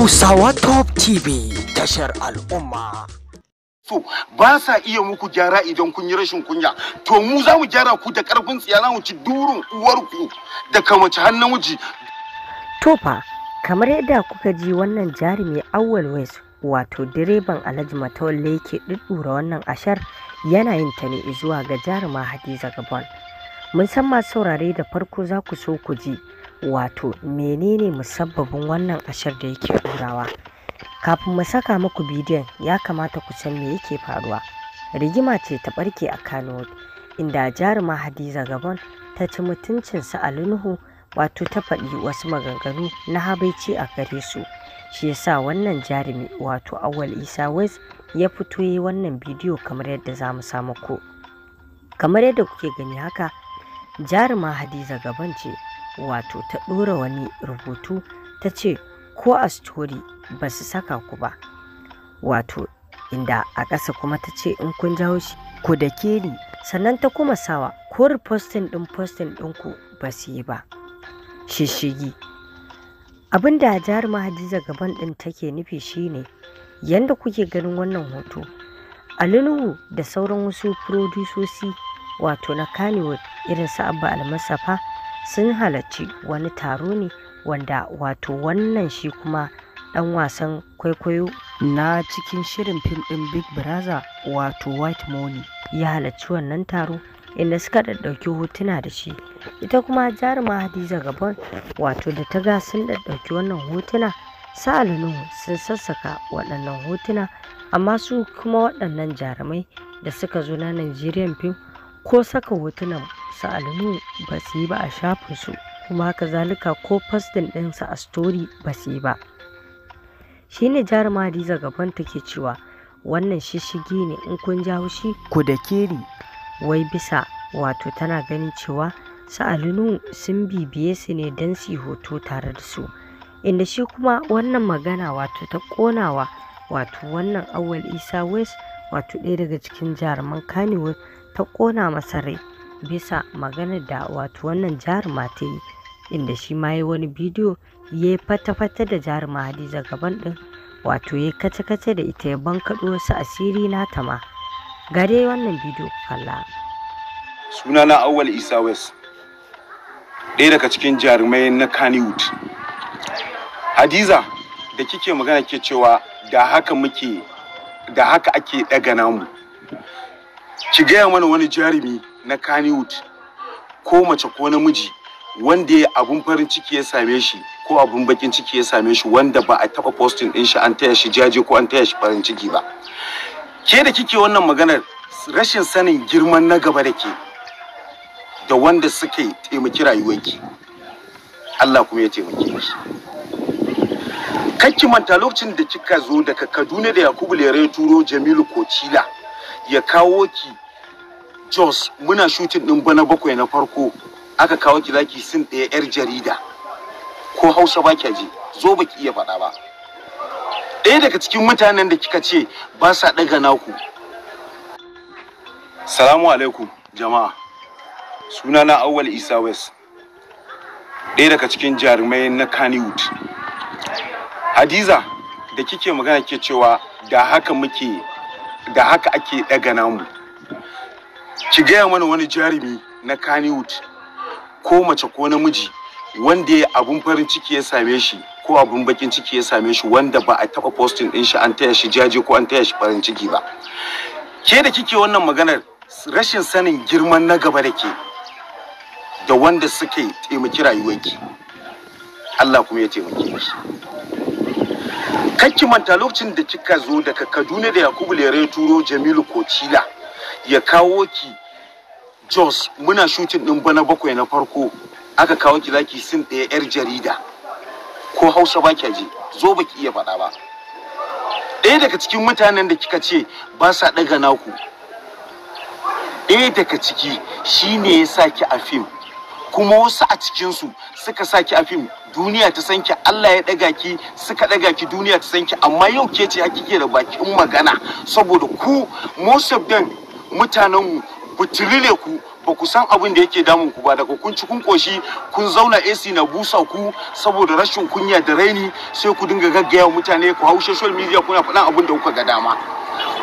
Hausawa Top TV tashar al'umma. So ba sa iya muku gyara idan kun yi rashin kunya. To mu za mu gyara ku da karfin tsiya mu ci durin uwarku da kamace wuji. To fa kamar yadda kuka ji wannan jarumi auwal West wato direban Alhaji Matawalle yake ɗuɗɗura wannan ashar yana yin ta ne zuwa ga jaruma Hadiza Gabon. Mun san masu saurare da farko za ku so ku ji wato menene musabbabin wannan ashar da yake turawa kafin mu saka muku bidiyon ya kamata ku san me yake faruwa rigima ce ta barke a kano inda jaruma hadiza gabon ta ci mutuncin su Nuhu, wato ta faɗi wasu maganganu na habaici a gare su shi yasa wannan jarumi wato awal isa west ya fito yi wannan bidiyo kamar yadda za mu samu ko kamar yadda kuke gani haka jaruma hadiza gaban ce wato ta ɗora wani rubutu ta ce ko a story ba su saka ku ba wato inda a ƙasa kuma ta ce in kun jawo shi ku da ni sannan ta kuma sawa ko reposting ɗin posting ɗinku ba su yi ba shishigi abin da jihar hadiza gaban ɗin take nufi shine yadda kuke ganin wannan hoto Nuhu da sauran wasu furodusosi wato na Kaniwood irin su abba almasafa sun halarci wani taro ne wanda wato wannan shi kuma dan wasan kwaikwayo na cikin shirin fim din big brother wato white money ya halarci wannan taro inda suka ɗaɗɗauki hotuna da shi ita kuma jaruma hadiza gabon wato da ta ga sun ɗaɗɗauki wannan hotuna sa'alinu sun sassaka waɗannan hotuna amma su kuma waɗannan jarumai da suka zo na nigerian fim ko saka hotunan su ba su yi ba a shafinsu kuma haka zalika ko fastin ɗinsa a story ba su yi ba shine ne jaruma hadiza gaban ta ke cewa wannan shishigi ne in kun ja haushi ku da keri wai bisa wato tana ganin cewa sa'alinu sun bibiye su ne don su hoto tare da su inda shi kuma wannan magana wato ta konawa wato wannan awal isa west wato ɗaya daga cikin jaruman kanewa ta kona masa rai bisa maganar da wato wannan jaruma ta yi inda shi ma ya wani bidiyo ya fata-fata da jaruma hadiza gaban din wato ya kace-kace da ita ya bankaɗo wasu asiri na ta ma gare wannan bidiyo kalla na awal isa west ɗaya daga cikin jarumai na kannywood hadiza da kike magana ke cewa da haka muke da haka ake ɗaga namu ki gaya mana wani jarumi na Kannywood ko mace ko namiji wanda ya abun farin ciki ya same shi ko abun bakin ciki ya same shi wanda ba a taba posting din shi an taya shi jaje ko an taya shi farin ciki ba ke da kike wannan maganar rashin sanin girman na gaba da ke da wanda suke taimaki rayuwarki Allah kuma ya taimake ki kakki manta lokacin da kika zo daga Kaduna da Yakubu Lere turo Jamilu Kocila ya kawo ki Jos muna shooting din bana bakwai na farko aka kawo ki zaki sin ɗaya yar jarida ko Hausa ba ji zo baki iya faɗa ba ɗaya daga cikin mutanen da kika ce ba sa ɗaga naku salamu alaikum jama'a Suna na awwal isa west ɗaya daga cikin jarumai na Kaniwood. hadiza da kike magana ke cewa da haka muke da haka ake ɗaga namu ki gaya mana wani jarumi na Kannywood ko mace ko namiji wanda ya abun farin ciki ya same shi ko abun bakin ciki ya same shi wanda ba a taba posting din shi an taya shi jaje ko an taya shi farin ciki ba ke da kike wannan maganar rashin sanin girman na gaba da ke da wanda suke taimaki rayuwarki Allah kuma ya taimake ki kakki manta lokacin da kika zo daga Kaduna da Yakubu Lere turo Jamilu Kocila ya kawo ki jos muna shooting din bana bakwai na farko aka kawo ki zaki sin ɗaya yar jarida ko hausa ba ki je zo baki iya faɗa ba ɗaya daga cikin mutanen da kika ce ba sa ɗaga naku ɗaya daga ciki shine ya sa ki a fim kuma wasu a cikinsu suka sa a fim duniya ta san ki Allah ya ɗaga ki suka ɗaga ki duniya ta san ki amma yau ke ce kike da bakin magana saboda ku most of mutanenmu ku ne ku ba ku san abin da yake damun ku ba daga kun ci kun koshi kun zauna AC na busa ku saboda rashin kunya da raini sai ku dinga gaggaya mutane ku hau social media kuna faɗan abin da kuka ga dama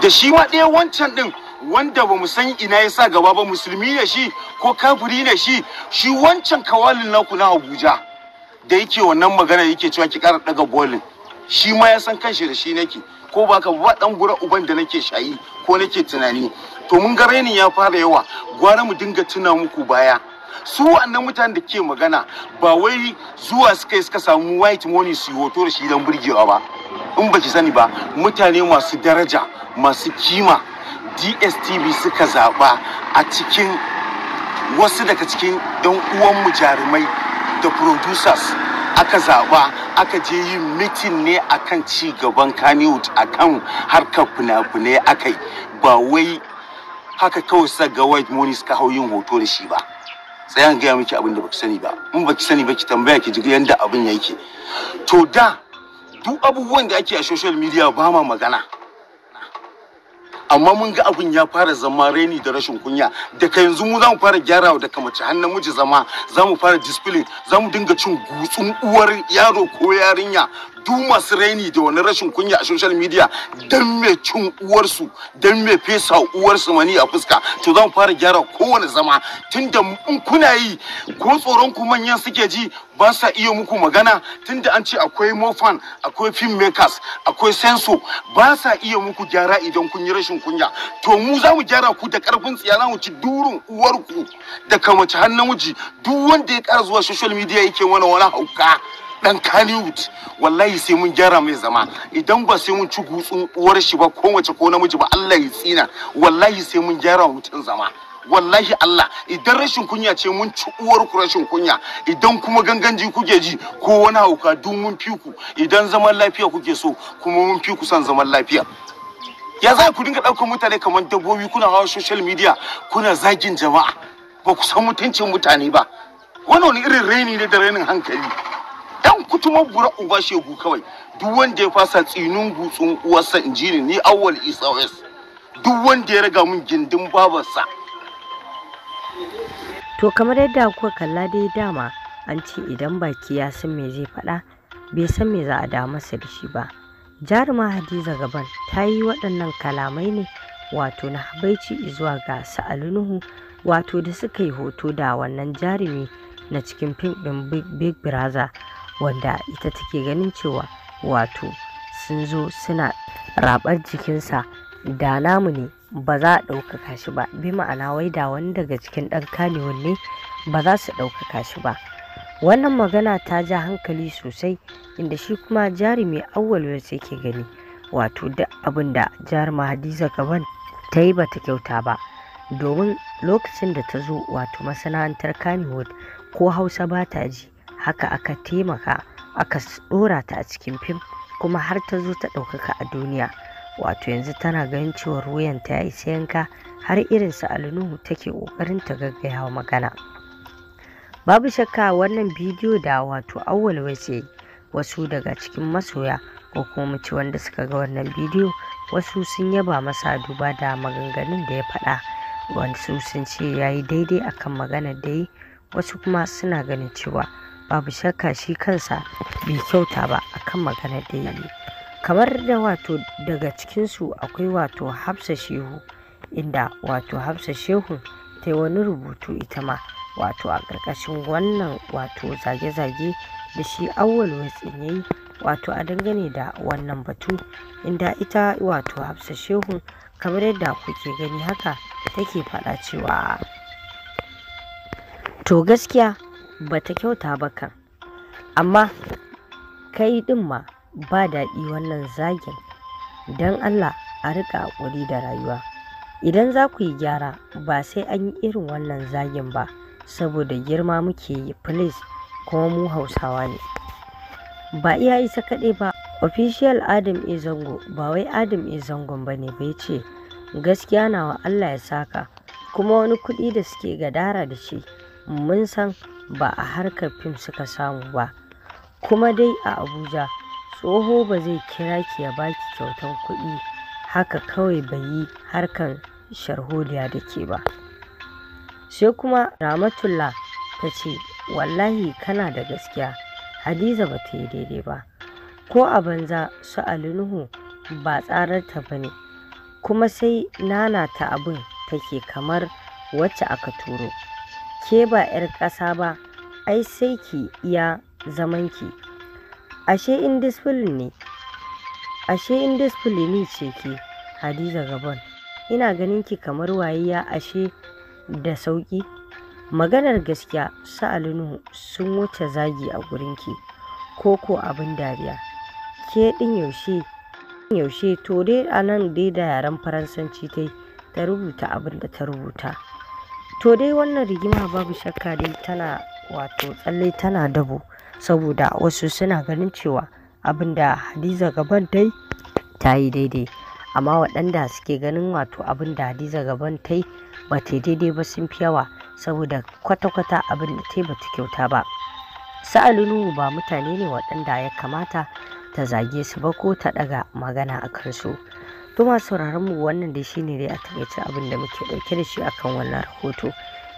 da shi ma ɗaya wancan ɗin wanda ba mu san ina ya sa gaba ba musulmi ne shi ko kafiri ne shi shi wancan kawalin naku na Abuja da yake wannan magana yake cewa ki ƙara ɗaga bolin shi ma ya san kanshi da shi nake ko ba ka waɗan gura uban da nake shayi ko nake tunani to mun ga rainin ya fara yawa gwara mu dinga tuna muku baya su wannan mutanen da ke magana ba wai zuwa suka suka samu white money su hoto da shi don burgewa ba in ba ki sani ba mutane masu daraja masu kima dstv suka zaɓa a cikin wasu daga cikin 'yan uwan mu jarumai da producers aka zaɓa aka je yin mitin ne akan ci gaban a akan harkar fina-finai yi ba wai haka kawai sa ga white money suka hau yin hoto da shi ba tsayan gaya miki abin da baki sani ba in baki sani ba ki tambaya ki ji yadda abin yake to da duk abubuwan da ake a social media ba ma magana amma mun ga abin ya fara zama raini da rashin kunya daga yanzu mu zamu fara gyarawa daga mace har namiji zama zamu fara discipline zamu dinga cin gutsun uwar yaro ko yarinya duk masu raini da wani rashin kunya a social media dan mai cin uwarsu dan mai fesa uwarsu mani a fuska to zan fara gyara kowane zama tunda in kuna yi ko tsoron ku manyan suke ji ba sa iya muku magana tunda an ce akwai mofan akwai makers akwai senso ba sa iya muku gyara idan kun yi rashin kunya to mu za mu gyara ku da karfin tsiya za mu ci durin uwarku da kamace har namiji duk wanda ya kara zuwa social media yake wani wani hauka dan Kannywood wallahi sai mun gyara mai zama idan ba sai mun ci gutsun uwar shi ba ko wace ko namiji ba Allah ya tsina wallahi sai mun gyara mutun zama wallahi Allah idan rashin kunya ce mun ci uwar ku rashin kunya idan kuma ganganji kuke ji ko wani hauka duk mun fi ku idan zaman lafiya kuke so kuma mun fi ku zaman lafiya ya za ku dinga ɗaukar mutane kamar dabbobi kuna hawa social media kuna zagin jama'a ba ku san mutuncin mutane ba wani irin raini ne da rainin hankali dan kutumar bura uba shegu kawai duk wanda ya fasa tsinin gutsun uwarsa inji ni ni awwal isa west duk wanda ya raga min gindin babarsa to kamar yadda kuka kalla dai dama an ce idan baki ya san me zai faɗa bai san me za a da masa da shi ba jaruma hadiza gaban ta yi waɗannan kalamai ne wato na habaici izuwa ga nuhu wato da suka yi hoto da wannan jarumi na cikin fim ɗin big brother wanda ita take ganin cewa wato sun zo suna rabar jikinsa da namu ne ba za a ɗaukaka shi ba bi ma'ana wai da wani daga cikin ɗan kanewan ne ba za su ɗaukaka shi ba wannan magana ta ja hankali sosai inda shi kuma jarumi awwal wacce ke gani wato duk abin da jaruma hadiza gaban ta yi bata kyauta ba domin lokacin da ta zo wato masana'antar kanewood ko hausa ba ta ji haka aka taimaka aka ɗora ta a cikin fim kuma har ta zo ta ɗaukaka a duniya wato yanzu tana ganin cewar ta ya isa yanka har irin su alnuhu take ƙoƙarin ta wa magana babu shakka wannan bidiyo da wato awwal wace wasu daga cikin masoya ko kuma mace wanda suka ga wannan bidiyo wasu sun yaba masa duba da maganganun da ya faɗa wasu sun ce ya yi daidai akan maganar da yi wasu kuma suna ganin cewa babu shakka shi kansa bai kyauta ba akan maganar da ya yi kamar da wato daga cikinsu akwai wato hafsa shehu inda wato hafsa shehu ta yi wani rubutu ita ma wato a ƙarƙashin wannan wato zage-zage da shi awwal watsin ya yi wato a dangane da wannan batu inda ita wato hafsa shehu kamar yadda kuke gani haka take faɗa cewa to gaskiya Ba ta kyauta ba kan amma kai ɗin ma ba daɗi wannan zagin don allah a riƙa ƙuri da rayuwa idan za ku yi gyara ba sai an yi irin wannan zagin ba saboda girma muke yi please kuma mu hausawa ne ba iya isa kaɗai ba official adam e zango ba wai adam e zangon ba ne bai ce gaskiya nawa allah ya saka kuma wani kuɗi da suke gadara da shi mun san ba a harkar fim suka samu ba kuma dai a abuja tsoho ba zai kira ki ya baki kyautan kuɗi haka kawai bai yi harkar sharhodiya da ke ba sai kuma ramatullah ta ce wallahi kana da gaskiya hadiza ba ta yi daidai ba ko a banza su alinuhu ba tsararta ba ne kuma sai nana ta abin take kamar wacce aka turo ke ba 'yar ƙasa ba ai sai ki iya zamanki ashe indisfilin ne ashe indisfilini ce ke hadiza gabon ina ganin ki kamar wayiya ashe da sauƙi maganar gaskiya sa'alinu sun wuce zagi a gurinki ko ko abin dariya ke ɗin yaushe yaushe to dai a dai da yaren faransanci ta rubuta abin da ta rubuta to dai wannan rigima babu shakka dai tana wato tsalle tana dabo saboda wasu suna ganin cewa abinda hadiza gaban dai ta yi daidai amma waɗanda suke ganin wato abin da hadiza gaban ta yi ba ta daidai ba sun fi yawa saboda kwata-kwata abin da ta yi ba ta kyauta ba ba mutane ne waɗanda ya kamata ta zage su ba ko ta ɗaga magana a kansu to masu mu wannan dai shine dai a takaice abin da muke dauke da shi akan wannan rahoto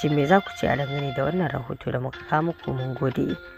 shi me za ku ce a dangane da wannan rahoto da muka kawo muku mun gode